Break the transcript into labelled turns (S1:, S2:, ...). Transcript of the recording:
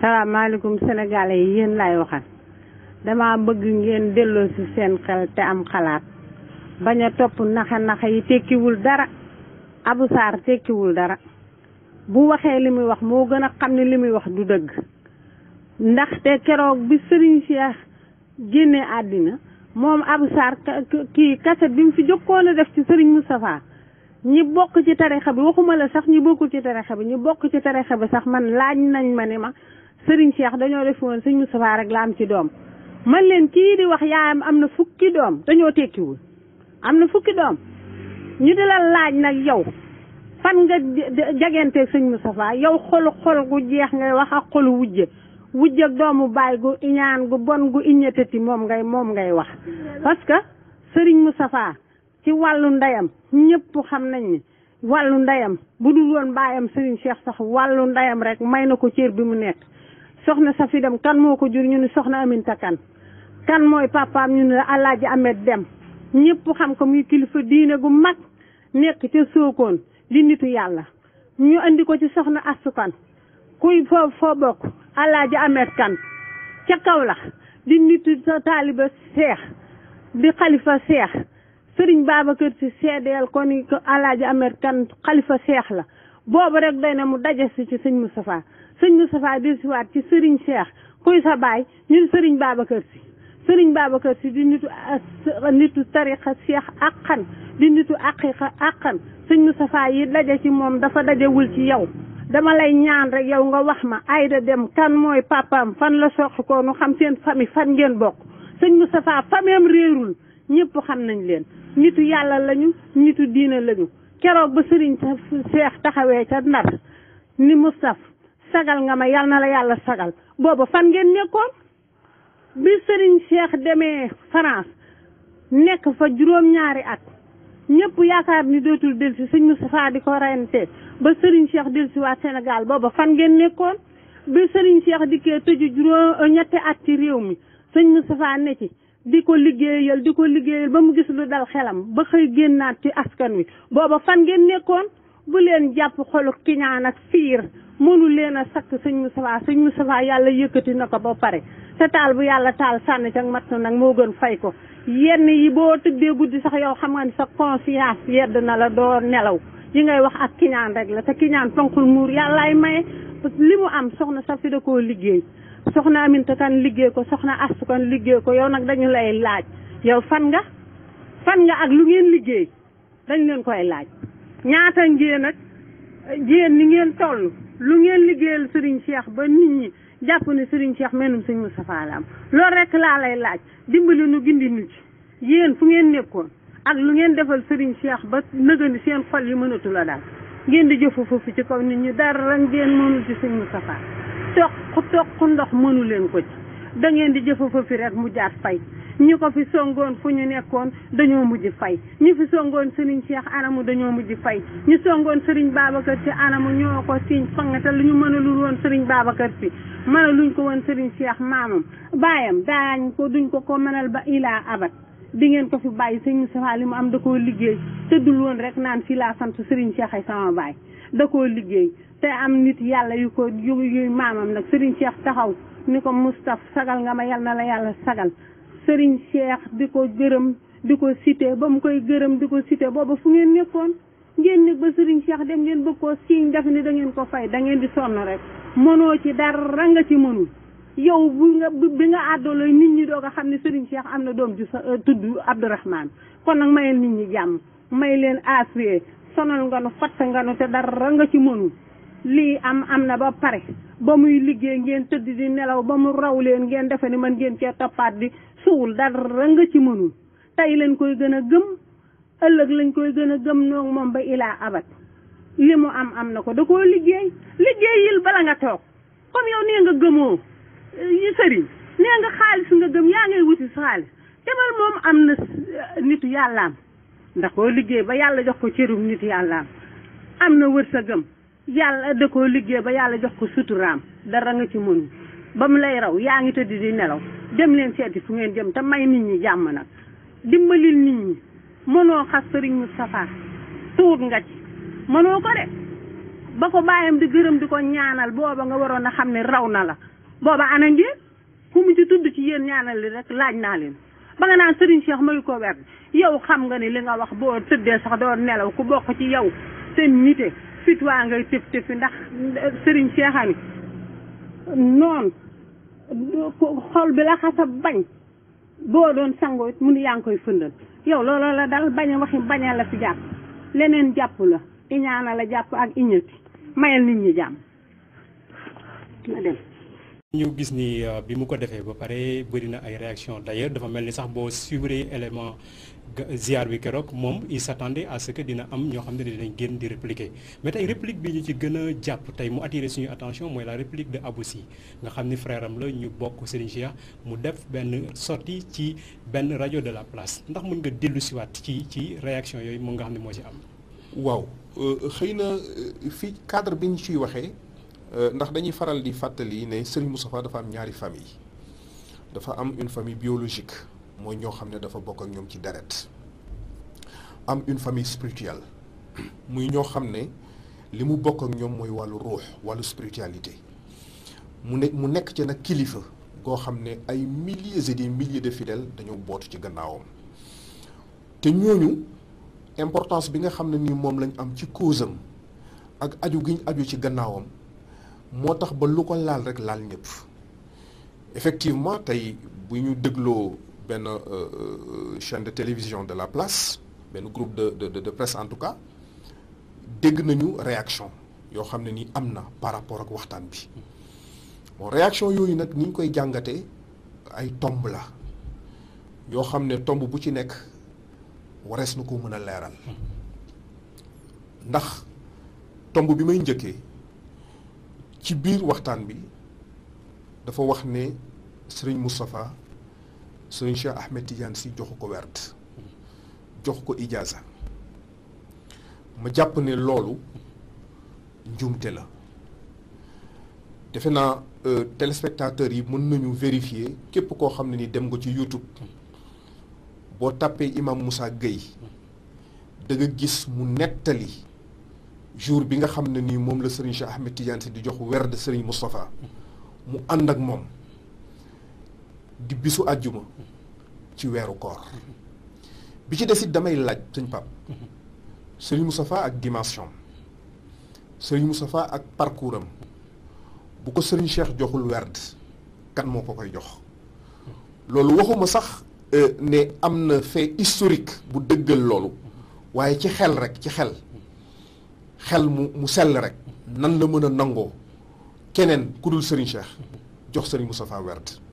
S1: salaamaaleykum sénégalais yi yéen lay waxal dama bëgg ngeen delloo si seen xel te am xalaat bañ a topp naxa yi tekkiwul dara Abou Sarr tekkiwul dara bu waxee li muy wax moo gën a xam ne li muy wax du dëgg ndax te keroog bi Serigne Cheikh génne àddina moom Abou Sarr kii kaset bi mu fi jokkoon a def ci Serigne Moustapha ñi bokk ci tarixa bi waxuma la sax ñi bokkul ci tarixa bi ñi bokk ci tarixa bi sax man laaj nañ ma ne ma sëriñ Cheikh dañoo def woon sëñ Moustapha rek la am ci doom man leen kii di wax yaayam am na fukki doom dañoo tekkiwul am na fukki doom ñu di la laaj nag yow fan nga jagante sëñ Moustapha yow xolu xol gu jeex ngay wax ak xolu wujje wujj ak doomu baay gu iñaan gu bon gu iñatati moom ngay moom ngay wax parce que sëriñ Moustapha ci wàllu ndeyam ñëpp xam nañ ni wàllu ndeyam bu dul woon baayam sëriñ Cheikh sax wàllu ndeyam rek may na ko cër bi mu nekk soxna Safi Dem kan moo ko jur ñu ne soxna Aminta Kan kan mooy papaam ñu ne Alaaji Amet Dem ñëpp xam ko muy kilifa diine gu mag nekk ca Sokone di nitu yàlla ñu indi ko ci soxna Astu Kan kuy foo foo bokk Alaaji Amet Kan ca Kaolack di nitu taaliba Seex di xalifa Seex Sëriñ Babacar Si seedeel ko ni Alaaji Amet Kan xalifa Seex la boobu rek day na mu daje si ci sëñ Moustapha sëñ Moustapha dellusiwaat ci sëriñ Cheikh kuy sa baay ñun sëriñ Babacar si sëriñ Babacar si di nitu nitu tariqa Cheikh àqan di nitu aqiqa àqan sëñ Moustapha yi daje ci moom dafa dajewul ci yow dama lay ñaan rek yow nga wax ma ayda dem kan mooy papaam fan la soxla ko xam seen famille fan ngeen bokk sëñ Moustapha fameem réerul ñëpp xam nañ leen nitu yàlla lañu nitu diina lañu keroog ba sëriñ Cheikh taxawee ca Ndar ni Moustapha sagal nga ma yal na la yàlla sagal boobu fan ngeen nekkoon bi sëriñ Cheikh demee France nekk fa juróom-ñaari at ñëpp yaakaar ni dootul delsi sëñ Moustapha di ko reyante ba Serigne seex delsi waa Sénégal booba fan ngeen nekkoon bi Serigne Cheikh dikkee tëju juróom ñetti at ci réew mi sëñ Moustapha ne ci di ko liggéeyal di ko liggéeyal ba mu gis lu dal xelam ba xëy génnaat ci askan wi booba fan ngeen nekkoon bu leen jàpp xolu kiñaan ak fiir mënu leen a sakk sëñ Moustapha sëñ Moustapha yàlla yëkkati na ko ba pare te taal bu yàlla taal sànni ca mat nag moo gën fay ko yenn yi boo tëddee guddi sax yow xam nga ni sa conscience yedd na la doo nelaw yi ngay wax ak kiñaan rek la te kiñaan tonkul muur yàlla yàllaay maye li mu am soxna sa fi da koo liggéey soxna Aminta kan liggéey ko soxna Astu kan liggéey ko yow nag dañu lay laaj yow fan nga fan nga ak lu ngeen liggéey dañ leen koy laaj ñaata ngeen ak ngeen ni ngeen toll lu ngeen liggéeyal Serigne Cheikh ba nit ñi jàpp ne Serigne Cheikh mennum sëñ Moustapha la am loolu rek laa lay laaj dimbali nu gindi nu ci yéen fu ngeen nekkoon ak lu ngeen defal Serigne Cheikh ba nëgëni seen xol yi mënatu la ngeen di jëfu foofu ci kaw nit ñi dara ngeen mënul ci sëñ Moustapha toq toq ndox mënu leen ko ci da ngeen di jëfu foofu rek mu jaar fay ñi ko fi songoon fu ñu nekkoon dañoo mujj fay ñi fi songoon Serigne Cheikh anamu dañoo mujj fay ñu songoon Serigne Babacar Sy anamu ñoo ko siiñ fangata lu ñu mën a lul woon Serigne Babacar Sy mën a luñ ko woon Serigne Cheikh maamam baayam daañ ko duñ ko ko mënal ba ilaa abat di ngeen ko fi bàyyi sëñ Moustapha li da koo liggéey tëddul woon rek naan fii laa sant Serigne Cheikh ay sama baay da koo liggéey te am nit yàlla yu ko yu yu maamam nag Serigne Cheikh taxaw ni ko Moustapha sagal nga ma yal na la yàlla sagal sëriñ Cheikh di ko gërëm di ko cité ba mu koy gërëm di ko cité booba fu ngeen nekkoon ngeen nekk ba sëriñ Cheikh dem ngeen bëgg koo siiñ def ni da ngeen ko fay da ngeen di sonn rek mënoo ci dara nga ci mënul yow bu nga bi nga àddoloo nit ñi doog a xam ne sëriñ Cheikh am na doom ju sa euh, tudd Abdourahmane kon nag mayel nit ñi jàmm may leen assuré sonal nga nu fatt nga nu te dara nga ci mënul lii am am na ba pare ba muy liggéey ngeen tëdd di nelaw ba mu raw leen ngeen defe ni man ngeen cee toppaat di suwul dara nga ci mënul tey leen koy gën a gëm ëllëg lañ koy gën a gëm noog moom ba ilaa abat li mu am am na ko da koo liggéey liggéeyil bala nga toog comme yow nee nga gëmoo yi eh, sëriñ nee nga xaalis nga gëm yaa ngay wuti xaalis demal moom am na eh, nitu yàllaam ndax koo liggéey ba yàlla jox ko cërum nitu yàllaam am na gëm yàlla da koo liggéey ba yàlla jox ko suturaam dara nga ci mënu ba mu lay raw yaa ngi tëdd di nelaw dem leen yi fu ngeen jëm te may nit ñi jàmm nag dimbalil nit ñi mënoo xas sëriñ Moustapha tuut nga ci mënoo ko de ba ko bàyyam di gërëm di ko ñaanal booba nga waroon a xam ne raw na la booba ana ngeen ku mu ci tudd ci yéen ñaanal li rek laaj naa leen ba nga naan sëriñ Cheikh mayu ko werd yow xam nga ne li nga wax boo tëddee sax doo nelaw ku bokk ci yow fit waa ngay tëf tëfi ndax sëriñ seexami noonu xol bi la xasa bañ boo doon sangoo it mu yaa ngi koy fëndal yow looloo la dal bañ waxi baña la fi jàpp leneen jàpp la iñaana la jàpp ak iñati mayal nit ñi jàmm na dem
S2: ñu gis ni euh, bi mu ko defee ba pare bëri na ay réaction d'ailleurs dafa mel ni sax boo suivre élément ziar bi keroog moom il s'attendait à ce que dina am ñoo xam ne dinañ génn di répliquer mais tey réplique bi ñu ci gën a jàpp tey mu attiré suñu attention mooy la réplique de Abou Sy nga xam ni frère am la ñu bokk Serigne Cheikh mu def benn sortie ci benn rajo de la place ndax mën nga dellu siwaat ci ci réaction yooyu moom nga xam ne moo ci am waaw euh, xëy na euh, fii cadre bi ñu ciy waxee Euh, ndax dañuy faral di fàttali ne Serigne Moustapha dafa am ñaari famille dafa am une famille biologique mooy ñoo xam ne dafa bokk ak ñoom ci deret am une famille spirituelle muy ñoo xam ne li mu bokkak ñoom mooy wàllu ruux wàllu spiritualité mu ne mu nekk ci nag kilifa goo xam ne ay milliers et des milliers de fidèles dañoo bootu ci gannaawam te ñooñu importance bi nga xam ne nii moom lañ am ci cause am ak aju giñ aju ci gannaawam. moo tax ba lu ko laal rek laal ñëpp effectivement tey bu ñu dégloo benn euh, euh, chaîne de télévision de la place benn groupe de de de presse en tout cas dégg nañu réaction yoo xam ne ni am na par rapport ak waxtaan bi bon réaction yooyu nag ni ñu koy jàngatee ay tomb la yoo xam ne tomb bu ci nekk warees na ko mën a leeral ndax tomb bi may njëkkee. ci biir waxtaan bi dafa wax ne sëriñ Moustapha sëriñ Cheikh Ahmed Tidiane si joxu ko wert jox ko ijaaza ma jàpp ne loolu njuumte la defe naa euh, téléspectateurs yi mën nañu vérifier képp koo xam ne ni dem nga ci YouTube boo tàppee imam Moussa Gueye da nga gis mu nettali jour bi nga xam ne nii moom la Serigne Cheikh Ahmed Tidiane Sy di jox werd Serigne Moustapha mu ànd ak moom di bisu àjjuma ci weeru koor bi ci des it damay laaj sëñ Pape Serigne ak dimension sëriñ Moustapha ak parcours am bu ko Serigne Cheikh joxul werd kan moo ko koy jox loolu waxuma sax euh, ne am na fait historique bu dëggal loolu waaye ci xel rek ci xel xel mu mu sell rek nan la mën a nangoo keneen ku dul Serigne Cheikh jox Serigne Moustapha werd